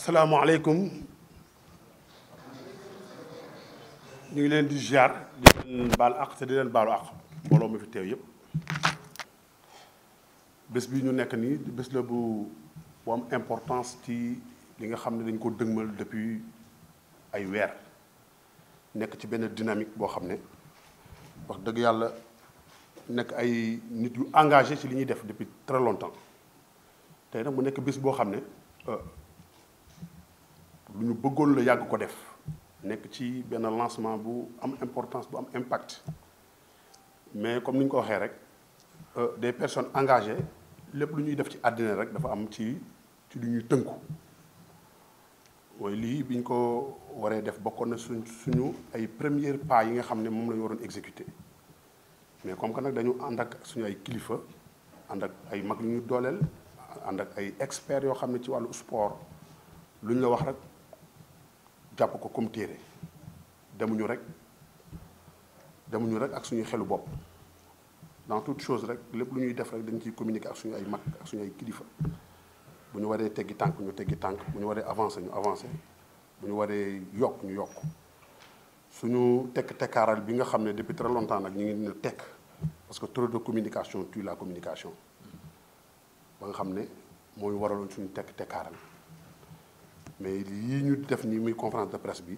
asalaamaaleykum ñu ngi leen di ziar di leen baal àq te di leen baalu àq mbooloo mi fi teew yëpp bés bi ñu nekk nii bés la bu bu am importance ci li nga xam ne dañ koo dëgmal depuis ay weer nekk ci benn dynamique boo xam ne wax dëgg yàlla nekk ay nit yu engagé ci li ñuy def depuis très longtemps tey nag bu nekk bés boo xam ne. Euh, lu ñu bëggoon la yàgg ko def nekk ci benn lancement bu am importance bu am impact mais comme ni ñu ko waxee rek euh, des personnes engagées lépp lu ñuy def ci àddina rek dafa am ci ci lu ñuy tënku mooy lii bi ñu ko waree def bokkoon na suñ suñu ay premiers pas yi nga xam ne moom la ñu waroon exécuter mais comme que nag dañu ànd ak suñu ay kilifa ànd ak ay mag yu ñuy dooleel ànd ak ay experts yoo xam ne ci wàllu sport lu ñu la wax rek jàpp ko comme téere demuñu rek demuñu rek ak suñu xelu bopp dans toute chose rek lépp lu ñuy def rek dañ ciy communiquer ak suñu ay mag ak suñu ay kilifa bu ñu waree teggi tànk ñu teggi tànk bu ñu waree avancer ñu avancer bu ñu waree yokk ñu yokk suñu tekk tekkaaral bi nga xam ne depuis très longtemps nag ñu ngi ne tekk parce que trop de communication tue la communication ba nga xam ne mooy waraloon suñu tekk tekkaaral mais yi ñu def nii muy conférence de presse bi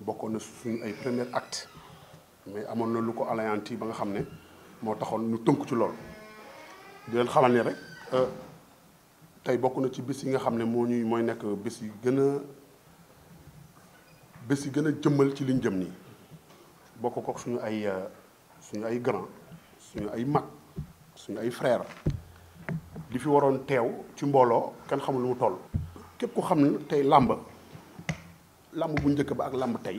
bokkoon na suñu ay premier acte mais amoon na lu ko alayant ba nga xam ne moo taxoon ñu tënk ci lool di leen xamal ni rek euh, tey bokk na ci bés yi nga xam ne moo ñuy mooy nekk bés yi gën a bés yi gën a jëmmal ci liñ jëm nii bokk ko suñu ay euh, suñu ay grand suñu ay mag suñu ay frère li fi waroon teew ci mbooloo kenn xamul lu mu toll képp ko xam ne tey làmb làmb bu njëkk ba ak làmb tey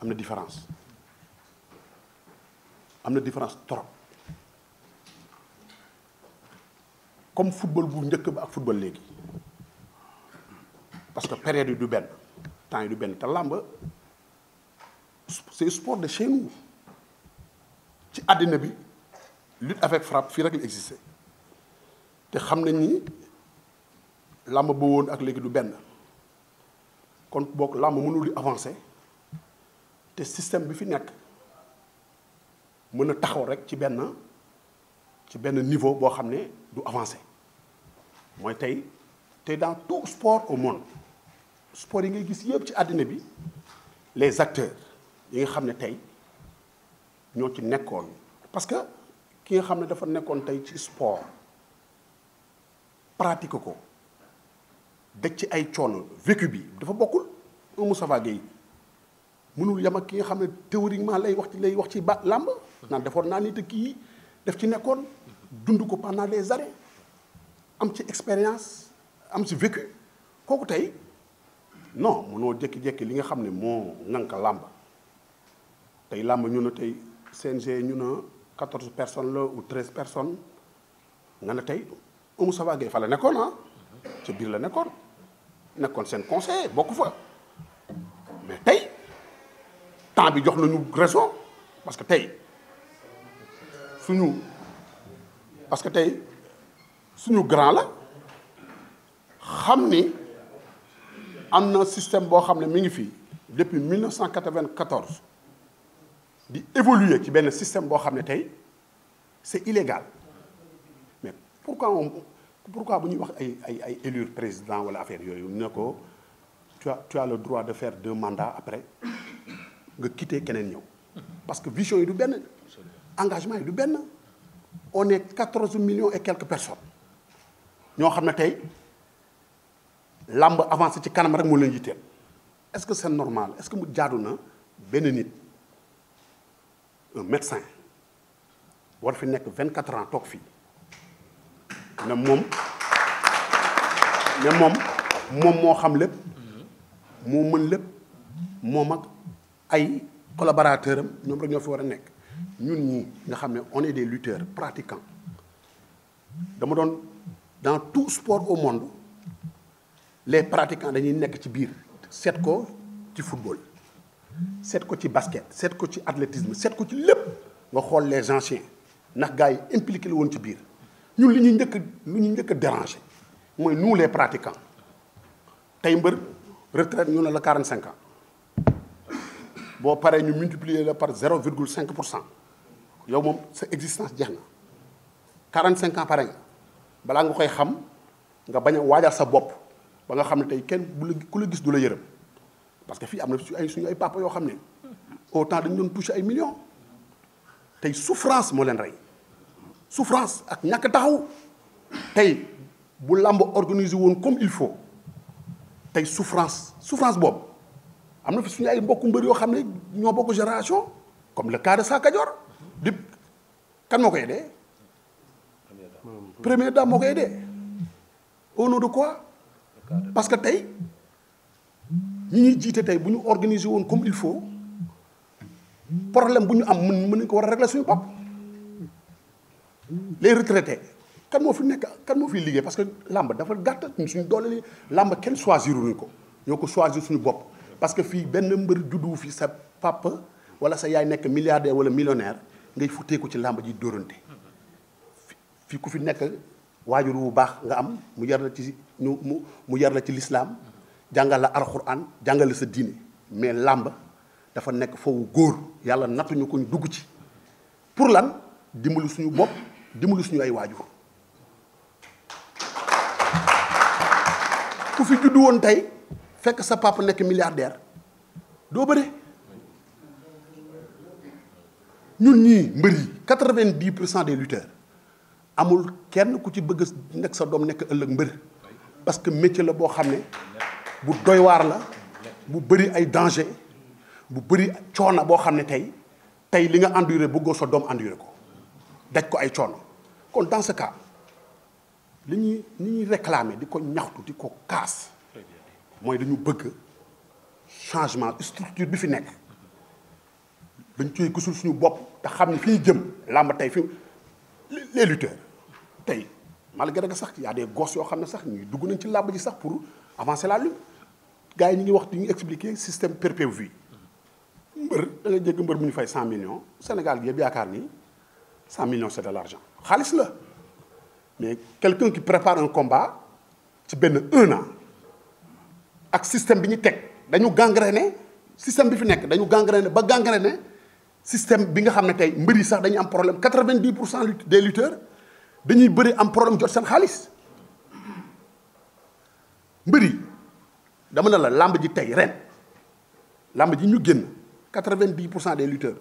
am na différence am na différence trop comme football bu njëkk ba ak football léegi parce que période yi du benn temps yi du benn te làmb c'est sport de chez ci àddina bi lutte avec frappe fii rek la te xam nañ ni. làmb ba woon ak léegi du benn kon boog làmb mënul di avancer te système bi fi nekk mën a taxaw rek ci benn ci benn niveau boo xam ne du avancer mooy tey tey dans tout sport au monde sport yi ngay gis yëpp ci àddina bi les acteurs yi nga xam ne tey ñoo ci nekkoon parce que ki nga xam ne dafa nekkoon tey ci sport pratique ko daj ci ay coono vécu bi dafa bokkul un Moustapha mënul yem ki nga xam ne théoriquement lay wax ci lay wax ci ba làmb naan defoon naa ni te kii def ci nekkoon dund ko pendant des am ci expérience am ci vécu kooku tey non mënoo jékki-jékki li nga xam ne moo ŋànk làmb tey làmb ñu ne tey g ñu ne quatorze personnes la ou treize personnes nga ne tey Oumou Moustapha fa la nekkoon ah ca biir la nekkoon nekkoon seen conseiller bokk fa mais tey temps bi jox nañu raison parce que tey suñu parce que tey suñu grand la xam ni am na système boo xam ne mi ngi fii depuis 1994 di évoluer ci benn système boo xam ne tey c'est illégal mais pourquoi on pourquoi bu ñuy wax ay ay ay élire président wala affaire yooyu ne ko tu as tu as le droit de fair deux mandats après nga quitter keneen ñëw parce que vision yi du benn engagement yi du benn on est quatorze millions et quelques personne ñoo xam ne tey làmb avancé ci kanam rek moo leen yitteel est-ce que c'est normal est-ce que mu jaadu na benn nit un médecin war fi nekk vingt-quatre ans toog fii ne moom ne moom moom moo xam lépp moo mën lépp moom ak ay collaborateur am ñoom rek ñoo fi war a nekk ñun ñi nga xam ne on est des lutteurs pratiquants dama doon dans tout sport au monde les pratiquants dañuy nekk ci biir seet ko ci football seet ko ci basket seet ko ci athlétisme seet ko ci lépp nga xool les anciens ndax gars yi impliqué la woon ci biir ñun li ñu njëkk lu ñu njëkk a mooy nous les pratiquants tey mbër retraite ñu ne la quarante cinq ans boo paree ñu multiplier la par zéro virgule cinq pour cent yow moom sa existence jeex na quarante cinq ans pare nga balaa nga koy xam nga bañ a waajal sa bopp ba nga xam ne tey kenn bu la ku la gis du la yërëm parce que fii am na su ay suñu ay papa yoo xam ne autant dañu doon touché ay millions tey souffrance moo leen rey souffrance ak ñàkk taxaw tey bu làmb organiser woon comme il faut tey souffrance souffrance boobu am na fi suñu ay mbokku mbër yoo xam ne ñoo bokk génération comme le cas de kajoor di kan moo koy dee première dame moo koy dee au nom de quoi parce que tey ñi ñuy jiite tey bu ñu organiser woon comme il faut problème bu ñu am mun mun nañ ko war a régler suñu bopp les retraités kan moo fi nekk kan moo fi liggéey parce que làmb dafa gàtt suñu doole li làmb kenn choisiruñu ko ñoo ko choisir suñu bopp parce que fii benn mbër juddu fi sa papa wala sa yaay nekk milliarde wala millionnaire ngay futteeku ci làmb ji dóorante fii ku fi nekk waajur wu baax nga am mu yar la ci ñu mu mu yar la ci lislaam jàngal la alxuraan jàngal sa diine mais làmb dafa nekk foofu góor yàlla nattuñu ko ñu dugg ci pour lan dimbalu suñu bopp dimbali suñu ay waajur ku fi juddu woon tey fekk sa papa nekk milliardaire doo bëre ñun ñii mbër yi quatre-vingt-dix pour cent des lutteurs amul kenn ku ci bëgg nekk sa doom nekk ëllëg mbër parce que métier la boo xam ne bu doy waar la bu bëri ay danger bu bëri coona boo xam ne tey tey li nga enduré bëggoo sa doom enduré ko daj ko ay coono kon dans ce cas li ñuy li ñuy réclamer di ko ñaxtu di ko kaas mooy dañu bëgg changement structure bi fi nekk dañ koy gisul suñu bopp te xam ne fii jëm làmb tey fi les lutteurs tey malgré que sax y a gos yoo xam ne sax ñuy dugg nañ ci làmb ji sax pour avancer la lutte gars yi ñu ngi wax di ñu expliquer système PPV mbër da nga mbër mu ñu fay cent millions Sénégal yëpp yaakaar nii 100 millions c'est de l'argent xaalis la mais quelqu'un qui prépare un combat ci benn un an ak système bi ñu teg dañu ne système bi fi nekk dañu ne ba ne système bi nga xam ne tey mbër yi sax dañu am problème 90 pour cent des lutteurs dañuy bëri am problème jot seen xaalis mbër yi dama ne la làmb ji tey ren làmb ji ñu génn 90 pour cent des lutteurs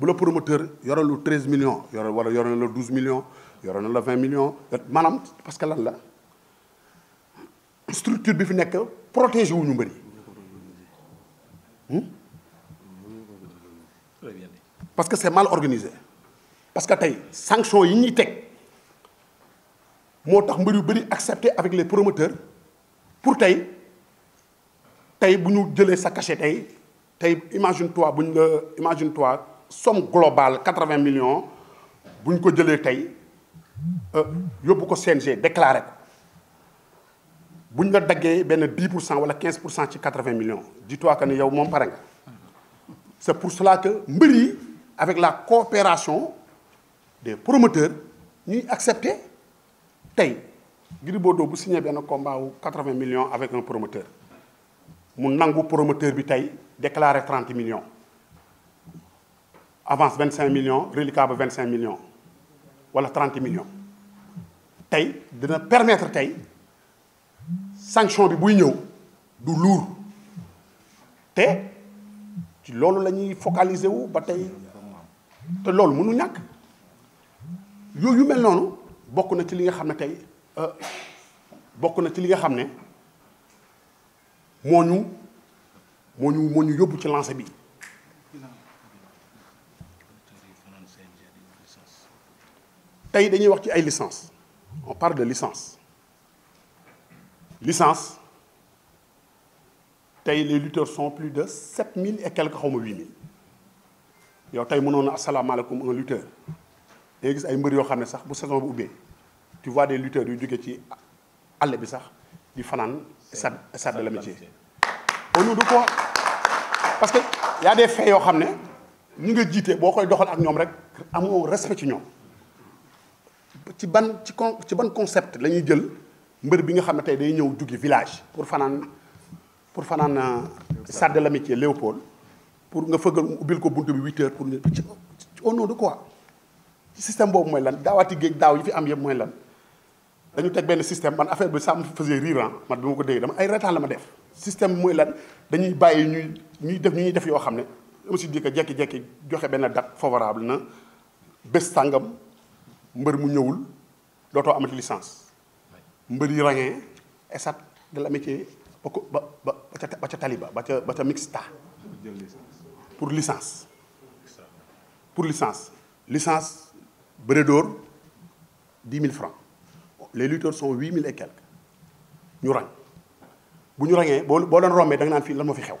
bu la promoteur yore lu treize millions yore wala yore na la douze millions yore na la vingt millions maanaam parce que lan la structure bi fi nekk protégé wu ñu mbëri hmm? parce que c'est mal organiser parce que tey sanction yi ñuy teg moo tax mbër yu bëri accepté avec les promoteurs pour tey tey bu ñu jëlee sa cachet tey tey imagine toi buñ ñu la imagine toi somme globale quatre vingt million bu ñu ko jëlee tey euh, yóbbu ko CNG déclaré ko bu ñu la daggee benn dix pour cent wala quinze pour cent ci quatre-vingts millions dis-toi que ne yow moom pare nga c'est pour cela que mbër yi avec la coopération des promoteurs ñuy accepter tey Gris Bordeaux bu signé benn combat wu quatre-vingts millions avec un promoteur mu nangu promoteur bi tey déclaré trente million avance vingt cinq millions reliquat ba vingt cinq millions wala trente millions tey dina permettre tey sanction bi buy ñëw du lourd te ci loolu la ñuy focaliser wu ba tey te loolu mënu ñàkk yooyu mel noonu bokk na ci li nga xam ne tey euh, bokk na ci li nga xam ne moo ñu moo ñu moo ñu yóbbu ci lancé bi tey dañuy wax ci ay licence on parle de licence licence tey les lutteurs son plus de sept mille et quelques xaw ma huit mille yow tey mënoon na asalaamaaleykum un lutteur day ay mbër yoo xam ne sax bu saison bu ubbee tu vois des lutteurs yu jóge ci àll bi sax di fanaan stade stade de l'amitié au nom de quoi parce que y a des yoo xam ne ñi nga jiite boo koy doxal ak ñoom rek amoo respect ci ñoom ci ban ci con ci ban concept la ñuy jël mbër bi nga xam ne tey day ñëw jugi village pour fanaan pour fanaan euh, stade de l'amitié Léopold pour nga fëggal ubbil ko buntu bi huit heures pour ci au nom de système boobu mooy lan daawaati géej daaw yi fi am yëpp mooy lan dañu teg benn système man affaire bi ça me faisait rire ah, man bi ma ko déggee dama ay reetaan la ma def système mooy lan dañuy bàyyi ñuy ñuy def ñu ñuy def yoo xam ne je me suis dit que jekki joxe benn dat favorable na bés tàngam mbër mu ñëwul dootoo amati licence mbër yi ràññee esat de l'amitié ba ko ba ca taliba ba ca mixta pour licence pour licence licence bëre dóor dix mille francs les lutteurs sont huit mille et quelques ñu ràññ bu ñu ràññee boo boo leen rombee da naan fii lan moo fi xew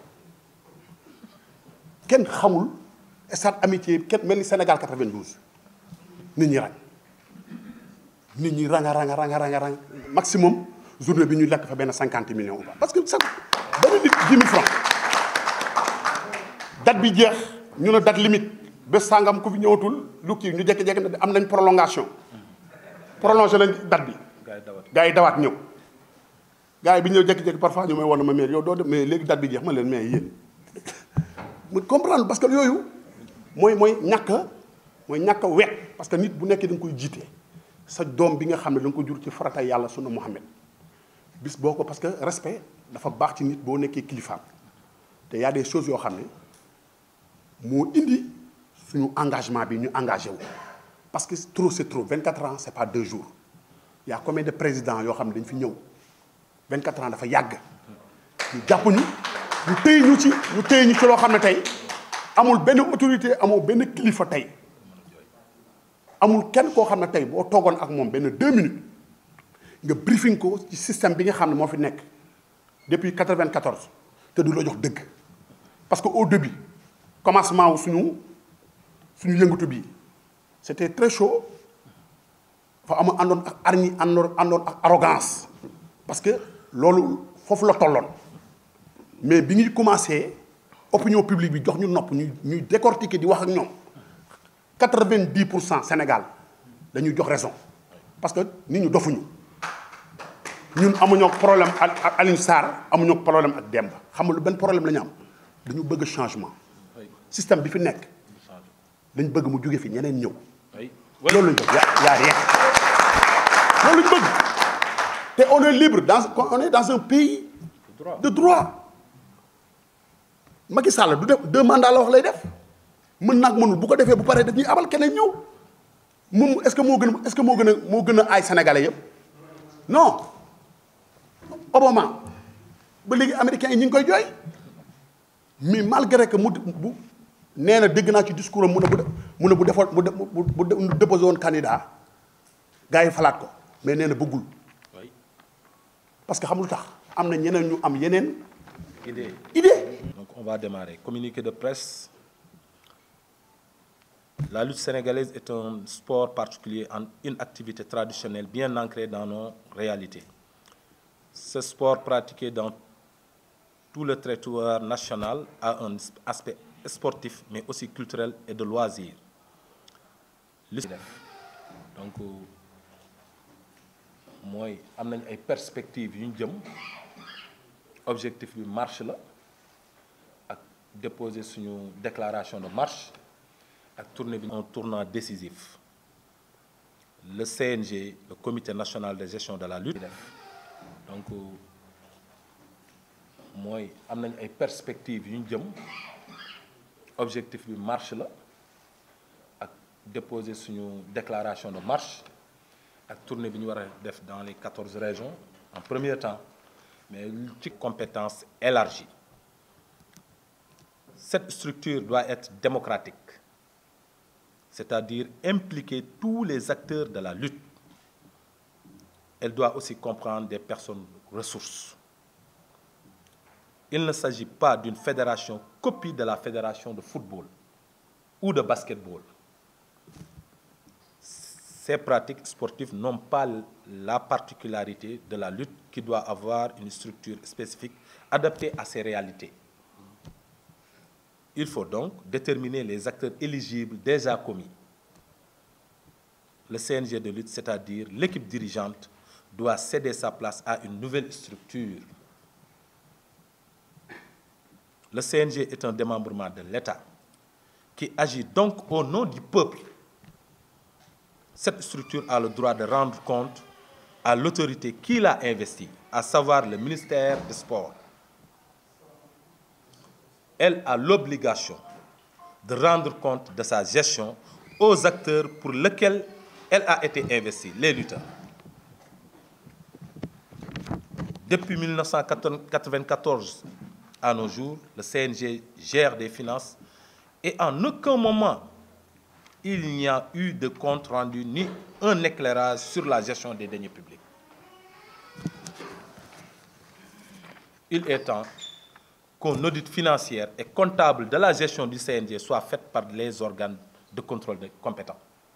kenn xamul stade amitié kenn mel ni Sénégal 92 nit ñi rang nit ñi rang rang rang rang rang maximum journée bi ñuy lekk fa benn cinquante millions ou parce que sax benn nit dix mille francs bi jeex ñu ne date limite ba sàngam ku fi ñëwatul lu kii ñu jékki-jékki ne am nañ prolongation prolongé nañ date bi. gars yi dawaat ñëw. gars yi bi ñëw jékki-jékki parfois ñu may woon ma maire yow doo dem mais léegi date bi jeex ma leen mais yéen. mu comprendre parce que yooyu mooy mooy ñàkk mooy ñàkk a parce que nit bu nekkee da nga koy jiite sa doom bi nga xam ne da ko jur ci farata yàlla sunu Muhammad bis boo ko parce que respect dafa baax ci nit boo nekkee kilifaam te y a des yoo xam ne moo indi suñu engagement bi ñu engagé wu. parce que trop c'est trop 24 ans c'est pas deux jours il y a de président yoo xam ne dañ fi ñëw 24 ans dafa yàgg ñu jàpp ñu. ñu téy ñu ci lu téy ñu ci loo xam ne tey amul benn autorité amoo benn kilifa tey amul kenn koo xam ne tey boo toogoon ak moom benn deux minutes nga briefing ko ci système bi nga xam ne moo fi nekk depuis 94 te du la jox dëgg parce que au début commencement wu suñu suñu bi bii c'était très chaud fa ama àndoon ak arñi àndoon àndoon ak arrogance parce que loolu foofu la tolloon mais bi ñuy commencé opinion publique bi jox ñu nopp ñuy ñuy décortiquer di wax ak ñoom quatre-vingt-dix pour cent Sénégal dañuy jox raison parce que nit ñu dofuñu ñun amuñoo problème ak Alioune Sarr amuñoo problème ak Demba xam nga lu benn problème la ñu am dañu bëgg changement système bi fi nekk dañ bëgg mu jóge fii ñeneen ñëw. loolu lañ bëgg yaa rien loolu lañ bëgg te on libre dans on dans un pays de droit. Macky Sall du def deux mandats la wax lay def mën nag mënul bu ko defee bu paree daf ñuy abal keneen ñëw moom est-ce que moo gën est-ce que moo gën a moo gën a ay sénégalais yëpp non Obama ba léegi américains yi ñu ngi koy jooy mais malgré que mu bu na dégg naa ci discours am mu ne bu mu ne bu defoon bu bu déposé woon candidat gars yi falaat ko mais nee na bëggul parce que xam lu tax am na ñeneen ñu am yeneen idée Donc on va démarrer. Communiqué de presse. La lutte sénégalaise est un sport particulier, une activité traditionnelle bien ancrée dans nos réalités. Ce sport pratiqué dans tout le territoire national a un aspect sportif, mais aussi culturel et de loisirs. donc euh, mooy am nañ ay perspectives yu ñu jëm objectif bi marche la déposer suñu déclaration de marche ak tournée bi un tournant décisif le CNG le comité national de gestion de la lutte donc mooy am nañ ay perspectives yu ñu jëm objectif bi marche la ak déposer suñu déclaration de marche ak tournée bi ñu war a def dans les quatorze régions en premier temps mais ci compétence élargie cette structure doit être démocratique, c'est-à-dire impliquer tous les acteurs de la lutte. Elle doit aussi comprendre des personnes ressources. Il ne s'agit pas d'une fédération copie de la fédération de football ou de basketball. Ces pratiques sportives n'ont pas la particularité de la lutte qui doit avoir une structure spécifique adaptée à ces réalités. Il faut donc déterminer les acteurs éligibles déjà commis. Le CNG de lutte, c'est-à-dire l'équipe dirigeante, doit céder sa place à une nouvelle structure. Le CNG est un démembrement de l'État qui agit donc au nom du peuple. Cette structure a le droit de rendre compte à l'autorité qui l'a investie, à savoir le ministère des Sports. elle a l'obligation de rendre compte de sa gestion aux acteurs pour lesquels elle a été investie, les lutteurs. Depuis 1994 à nos jours, le CNG gère des finances et en aucun moment il de compte rendu ni un éclairage sur la gestion des deniers publics. Il est temps qu'un audit financier et comptable de la gestion du CNG soit fait par les organes de contrôle compétents.